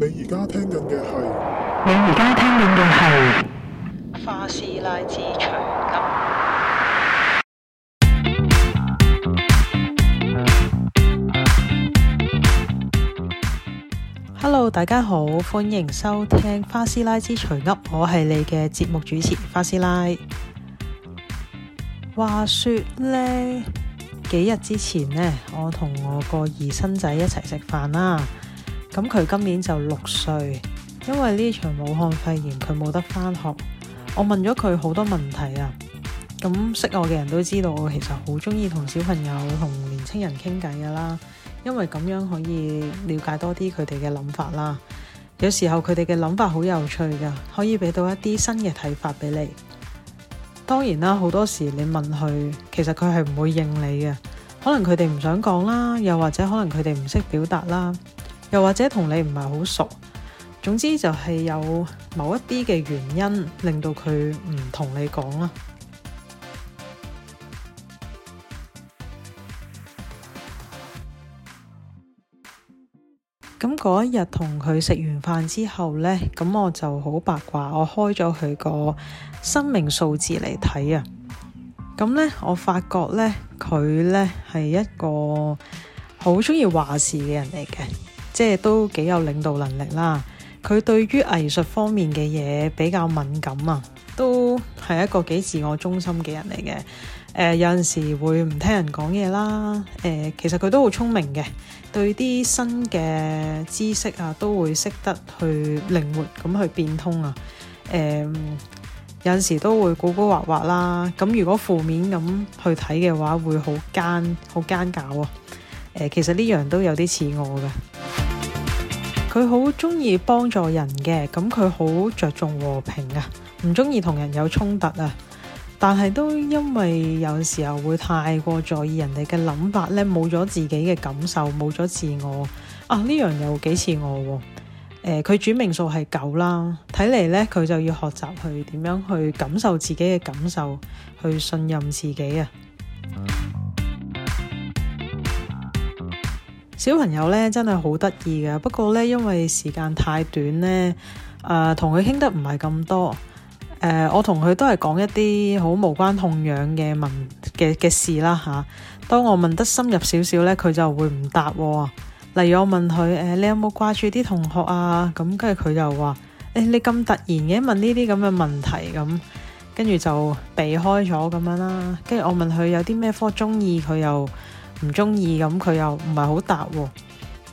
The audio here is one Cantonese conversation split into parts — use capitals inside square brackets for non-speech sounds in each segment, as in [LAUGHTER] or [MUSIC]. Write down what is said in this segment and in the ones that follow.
你而家聽緊嘅係，你而家聽緊嘅係花師奶之長噏。Hello，大家好，歡迎收聽花師奶之長噏，我係你嘅節目主持花師奶。話說呢幾日之前呢，我同我個兒生仔一齊食飯啦。咁佢今年就六歲，因為呢場武漢肺炎，佢冇得返學。我問咗佢好多問題啊。咁識我嘅人都知道，我其實好鍾意同小朋友同年青人傾偈㗎啦。因為咁樣可以了解多啲佢哋嘅諗法啦。有時候佢哋嘅諗法好有趣㗎，可以俾到一啲新嘅睇法俾你。當然啦，好多時你問佢，其實佢係唔會應你嘅，可能佢哋唔想講啦，又或者可能佢哋唔識表達啦。又或者同你唔係好熟，總之就係有某一啲嘅原因令到佢唔同你講啦。咁嗰 [MUSIC] 一日同佢食完飯之後呢，咁我就好八卦，我開咗佢個生命數字嚟睇啊。咁呢，我發覺呢，佢呢係一個好中意話事嘅人嚟嘅。即係都幾有領導能力啦。佢對於藝術方面嘅嘢比較敏感啊，都係一個幾自我中心嘅人嚟嘅。誒、呃、有陣時會唔聽人講嘢啦。誒、呃、其實佢都好聰明嘅，對啲新嘅知識啊，都會識得去靈活咁去變通啊。誒、呃、有陣時都會古古惑惑啦。咁如果負面咁去睇嘅話，會好奸好奸狡啊。誒、呃、其實呢樣都有啲似我㗎。佢好中意幫助人嘅，咁佢好着重和平啊，唔中意同人有衝突啊，但係都因為有時候會太過在意人哋嘅諗法呢，冇咗自己嘅感受，冇咗自我啊，呢樣又幾似我誒、哦，佢、呃、主命數係狗啦，睇嚟呢，佢就要學習去點樣去感受自己嘅感受，去信任自己啊。嗯小朋友咧真係好得意嘅，不過咧因為時間太短咧、呃呃，啊同佢傾得唔係咁多，誒我同佢都係講一啲好無關痛癢嘅問嘅嘅事啦嚇。當我問得深入少少咧，佢就會唔答喎、啊。例如我問佢誒、呃、你有冇掛住啲同學啊？咁跟住佢就話誒、欸、你咁突然嘅問呢啲咁嘅問題咁，跟、嗯、住就避開咗咁樣啦、啊。跟住我問佢有啲咩科中意，佢又。唔中意咁，佢又唔係好答。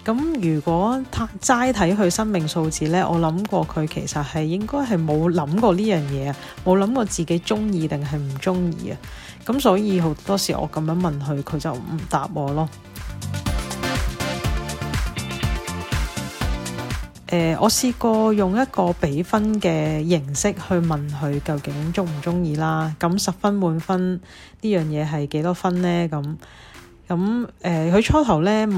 咁如果太齋睇佢生命數字呢，我諗過佢其實係應該係冇諗過呢樣嘢啊，冇諗過自己中意定係唔中意啊。咁所以好多時我咁樣問佢，佢就唔答我咯。欸，我試過用一個比分嘅形式去問佢究竟中唔中意啦。咁十分滿分呢樣嘢係幾多分呢？咁。咁誒，佢、嗯呃、初頭咧，物唔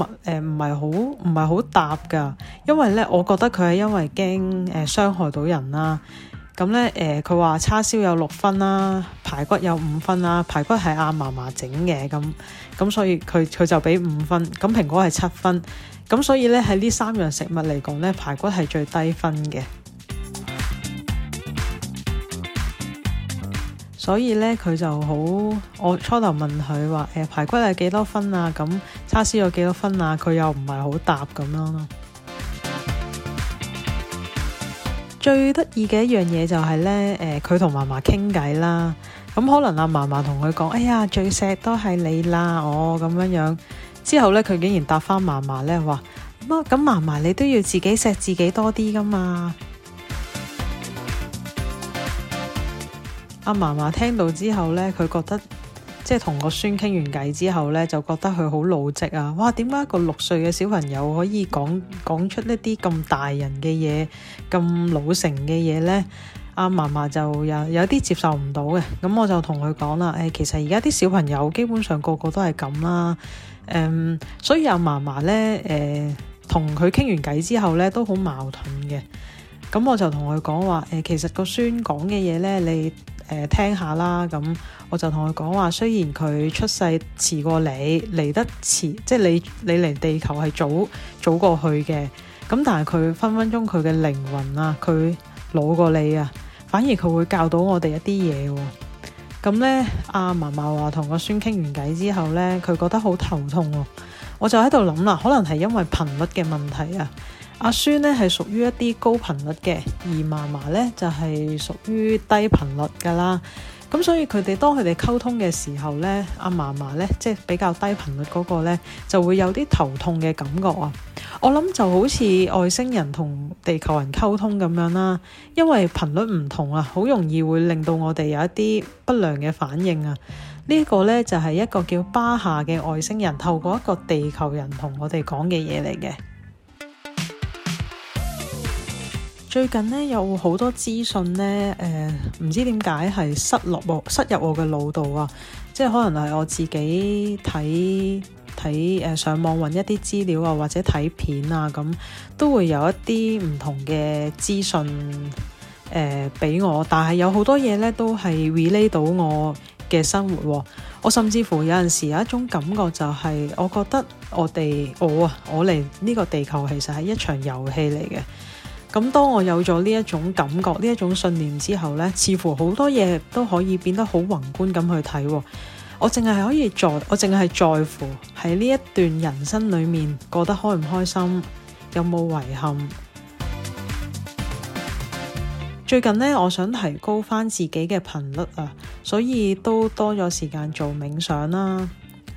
係好唔係好答噶，因為咧，我覺得佢係因為驚誒、呃、傷害到人啦、啊。咁咧誒，佢、嗯、話、呃、叉燒有六分啦、啊，排骨有五分啦、啊，排骨係阿嫲嫲整嘅，咁、嗯、咁、嗯、所以佢佢就俾五分。咁、嗯、蘋果係七分，咁、嗯、所以咧喺呢三樣食物嚟講咧，排骨係最低分嘅。所以咧，佢就好。我初頭問佢話，誒、呃，排骨係幾多分啊？咁叉燒有幾多分啊？佢又唔係好答咁樣。 [MUSIC] 最得意嘅一樣嘢就係、是、咧，誒、呃，佢同嫲嫲傾偈啦。咁、嗯、可能阿嫲嫲同佢講，哎呀，最錫都係你啦，我咁樣樣。之後咧，佢竟然答翻嫲嫲咧，話，咁，咁嫲嫲你都要自己錫自己多啲噶嘛。阿嫲嫲聽到之後呢，佢覺得即係同個孫傾完偈之後呢，就覺得佢好老積啊！哇，點解一個六歲嘅小朋友可以講講出一啲咁大人嘅嘢、咁老成嘅嘢呢？阿嫲嫲就有有啲接受唔到嘅。咁我就同佢講啦，誒，其實而家啲小朋友基本上個個都係咁啦，誒、嗯，所以阿嫲嫲呢，誒、呃，同佢傾完偈之後呢，都好矛盾嘅。咁我就同佢講話，誒，其實個孫講嘅嘢呢，你。誒聽下啦，咁我就同佢講話，雖然佢出世遲過你，嚟得遲，即係你你嚟地球係早早過去嘅，咁但係佢分分鐘佢嘅靈魂啊，佢老過你啊，反而佢會教到我哋一啲嘢喎。咁呢，阿嫲嫲話同個孫傾完偈之後呢，佢覺得好頭痛喎。啊，我就喺度諗啦，可能係因為頻率嘅問題啊。阿孫咧係屬於一啲高頻率嘅，而嫲嫲咧就係屬於低頻率㗎啦。咁、嗯、所以佢哋當佢哋溝通嘅時候咧，阿嫲嫲咧即係比較低頻率嗰個咧，就會有啲頭痛嘅感覺啊。我諗就好似外星人同地球人溝通咁樣啦，因為頻率唔同啊，好容易會令到我哋有一啲不良嘅反應啊。這個、呢個咧就係、是、一個叫巴夏嘅外星人透過一個地球人同我哋講嘅嘢嚟嘅。最近咧有好多資訊咧，誒、呃、唔知點解係失落我、塞入我嘅腦度啊！即係可能係我自己睇睇誒上網揾一啲資料啊，或者睇片啊，咁都會有一啲唔同嘅資訊誒俾、呃、我。但係有好多嘢咧都係 relate 到我嘅生活啊。我甚至乎有陣時有一種感覺，就係我覺得我哋我啊，我嚟呢個地球其實係一場遊戲嚟嘅。咁當我有咗呢一種感覺，呢一種信念之後呢，似乎好多嘢都可以變得好宏觀咁去睇。我淨係可以在，我淨係在乎喺呢一段人生裡面過得開唔開心，有冇遺憾。 [NOISE] 最近呢，我想提高返自己嘅頻率啊，所以都多咗時間做冥想啦。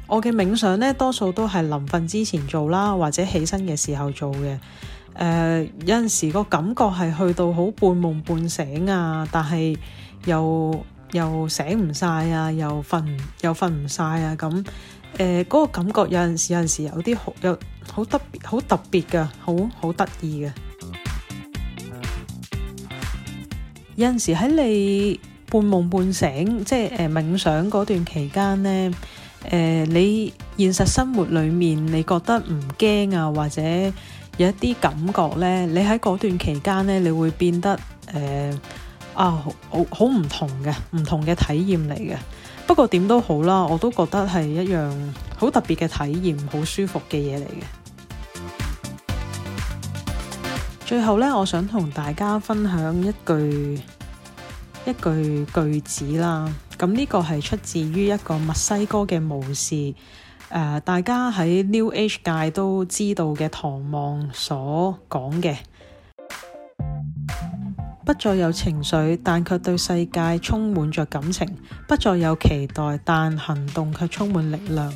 我嘅冥想呢，多數都係臨瞓之前做啦，或者起身嘅時候做嘅。誒有陣時個感覺係去到好半夢半醒啊，但係又又醒唔晒啊，又瞓又瞓唔晒啊，咁誒嗰個感覺有陣時有陣時有啲好有好特別好特別嘅，好好得意嘅。有陣時喺你半夢半醒，即係誒冥想嗰段期間咧，誒你現實生活裡面，你覺得唔驚啊，或者？有一啲感覺咧，你喺嗰段期間咧，你會變得誒、呃、啊好好唔同嘅，唔同嘅體驗嚟嘅。不過點都好啦，我都覺得係一樣好特別嘅體驗，好舒服嘅嘢嚟嘅。最後咧，我想同大家分享一句一句句子啦。咁呢個係出自於一個墨西哥嘅巫師。Uh, 大家喺 New Age 界都知道嘅唐望所講嘅， [MUSIC] 不再有情緒，但卻對世界充滿着感情；不再有期待，但行動卻充滿力量；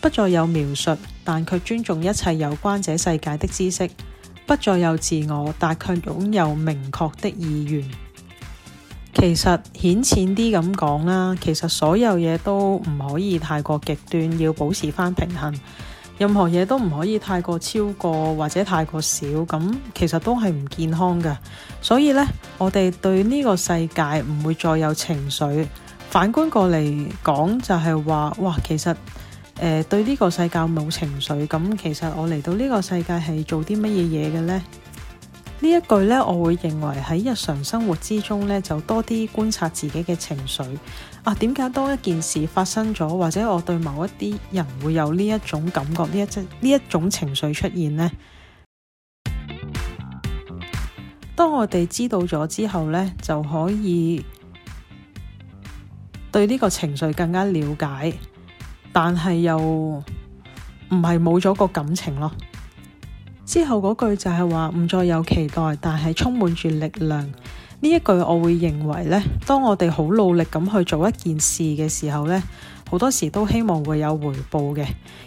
不再有描述，但卻尊重一切有關這世界的知識；不再有自我，但卻擁有明確的意願。其實顯淺啲咁講啦，其實所有嘢都唔可以太過極端，要保持翻平衡。任何嘢都唔可以太過超過或者太過少，咁其實都係唔健康嘅。所以呢，我哋對呢個世界唔會再有情緒。反觀過嚟講，就係話，哇，其實誒對呢個世界冇情緒，咁其實我嚟到呢個世界係做啲乜嘢嘢嘅呢？呢一句呢，我會認為喺日常生活之中呢，就多啲觀察自己嘅情緒啊。點解當一件事發生咗，或者我對某一啲人會有呢一種感覺，呢一種呢一種情緒出現呢？當我哋知道咗之後呢，就可以對呢個情緒更加了解，但係又唔係冇咗個感情咯。之後嗰句就係話唔再有期待，但係充滿住力量。呢一句我會認為呢，當我哋好努力咁去做一件事嘅時候呢，好多時都希望會有回報嘅。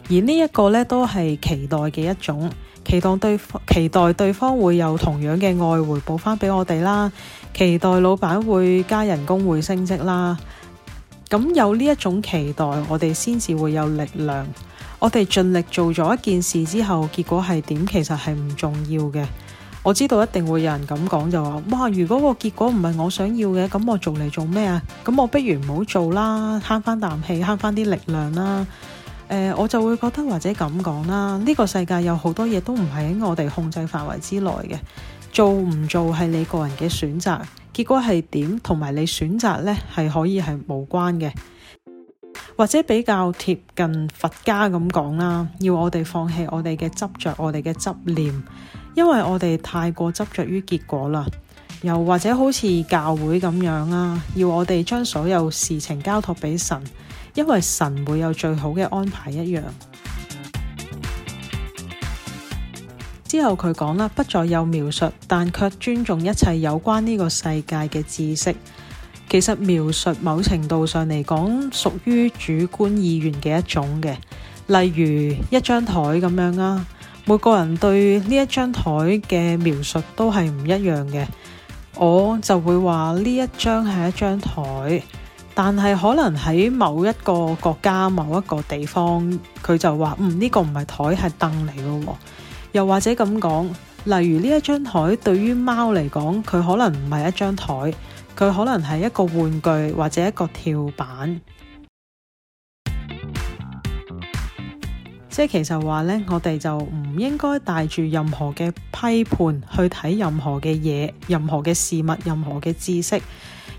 而呢一個呢，都係期待嘅一種，期望對方，期待對方會有同樣嘅愛回報返俾我哋啦。期待老闆會加人工，會升職啦。咁有呢一種期待，我哋先至會有力量。我哋盡力做咗一件事之後，結果係點其實係唔重要嘅。我知道一定會有人咁講就話，哇！如果個結果唔係我想要嘅，咁我做嚟做咩啊？咁我不如唔好做啦，慳翻啖氣，慳翻啲力量啦。呃，我就會覺得或者咁講啦。呢個世界有好多嘢都唔係喺我哋控制範圍之內嘅。做唔做係你個人嘅選擇，結果係點同埋你選擇呢係可以係無關嘅。或者比較貼近佛家咁講啦，要我哋放棄我哋嘅執着、我哋嘅執念，因為我哋太過執着於結果啦。又或者好似教會咁樣啦，要我哋將所有事情交託俾神，因為神會有最好嘅安排一樣。之後佢講啦，不再有描述，但卻尊重一切有關呢個世界嘅知識。其實描述某程度上嚟講，屬於主觀意願嘅一種嘅。例如一張台咁樣啦、啊，每個人對呢一張台嘅描述都係唔一樣嘅。我就會話呢一張係一張台，但係可能喺某一個國家、某一個地方，佢就話：嗯，呢、這個唔係台，係凳嚟嘅。又或者咁講。例如呢一張台，對於貓嚟講，佢可能唔係一張台，佢可能係一個玩具或者一個跳板。 [NOISE] 即係其實話呢，我哋就唔應該帶住任何嘅批判去睇任何嘅嘢、任何嘅事物、任何嘅知識，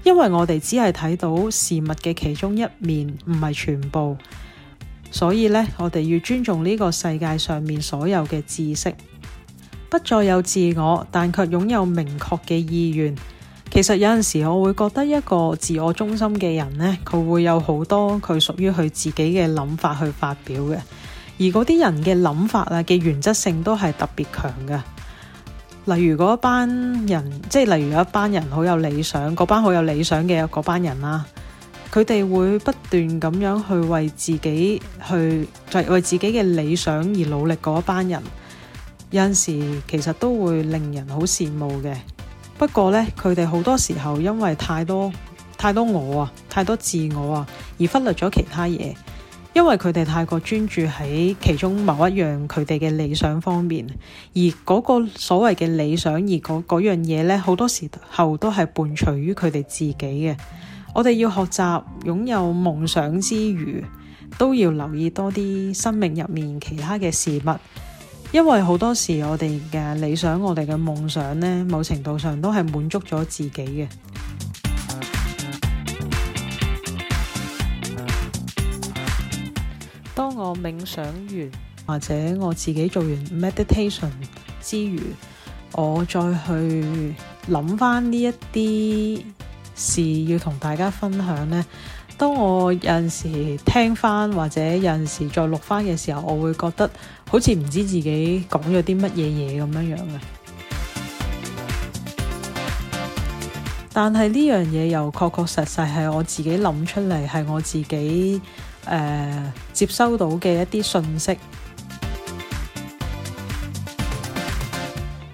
因為我哋只係睇到事物嘅其中一面，唔係全部。所以呢，我哋要尊重呢個世界上面所有嘅知識。不再有自我，但卻擁有明確嘅意願。其實有陣時我會覺得一個自我中心嘅人呢，佢會有好多佢屬於佢自己嘅諗法去發表嘅。而嗰啲人嘅諗法啊嘅原則性都係特別強嘅。例如嗰班人，即係例如一班人好有理想，嗰班好有理想嘅嗰班人啦，啊，佢哋會不斷咁樣去為自己去就為自己嘅理想而努力嗰一班人。有陣時其實都會令人好羨慕嘅，不過咧，佢哋好多時候因為太多太多我啊，太多自我啊，而忽略咗其他嘢。因為佢哋太過專注喺其中某一樣佢哋嘅理想方面，而嗰個所謂嘅理想而，而嗰樣嘢咧，好多時候都係伴隨於佢哋自己嘅。我哋要學習擁有夢想之餘，都要留意多啲生命入面其他嘅事物。因為好多時，我哋嘅理想，我哋嘅夢想咧，某程度上都係滿足咗自己嘅。當我冥想完，或者我自己做完 meditation 之餘，我再去諗翻呢一啲事要同大家分享呢。當我有陣時聽翻，或者有陣時再錄翻嘅時候，我會覺得好似唔知自己講咗啲乜嘢嘢咁樣樣嘅。但係呢樣嘢又確確實實係我自己諗出嚟，係我自己誒、呃、接收到嘅一啲信息。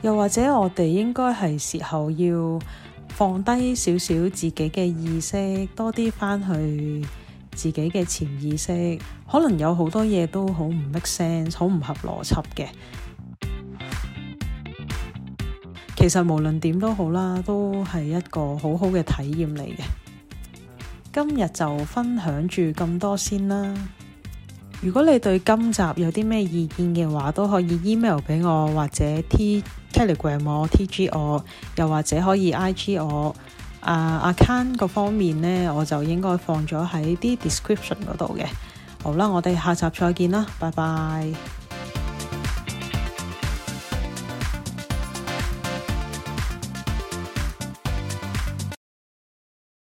又或者我哋應該係時候要，放低少少自己嘅意識，多啲翻去自己嘅潛意識，可能有好多嘢都好唔 make sense，好唔合邏輯嘅。其實無論點都好啦，都係一個好好嘅體驗嚟嘅。今日就分享住咁多先啦。如果你對今集有啲咩意見嘅話，都可以 email 俾我，或者 Telegram 我，TG 我，又或者可以 IG 我。啊、uh, account 嗰方面呢，我就應該放咗喺啲 description 嗰度嘅。好啦，我哋下集再見啦，拜拜。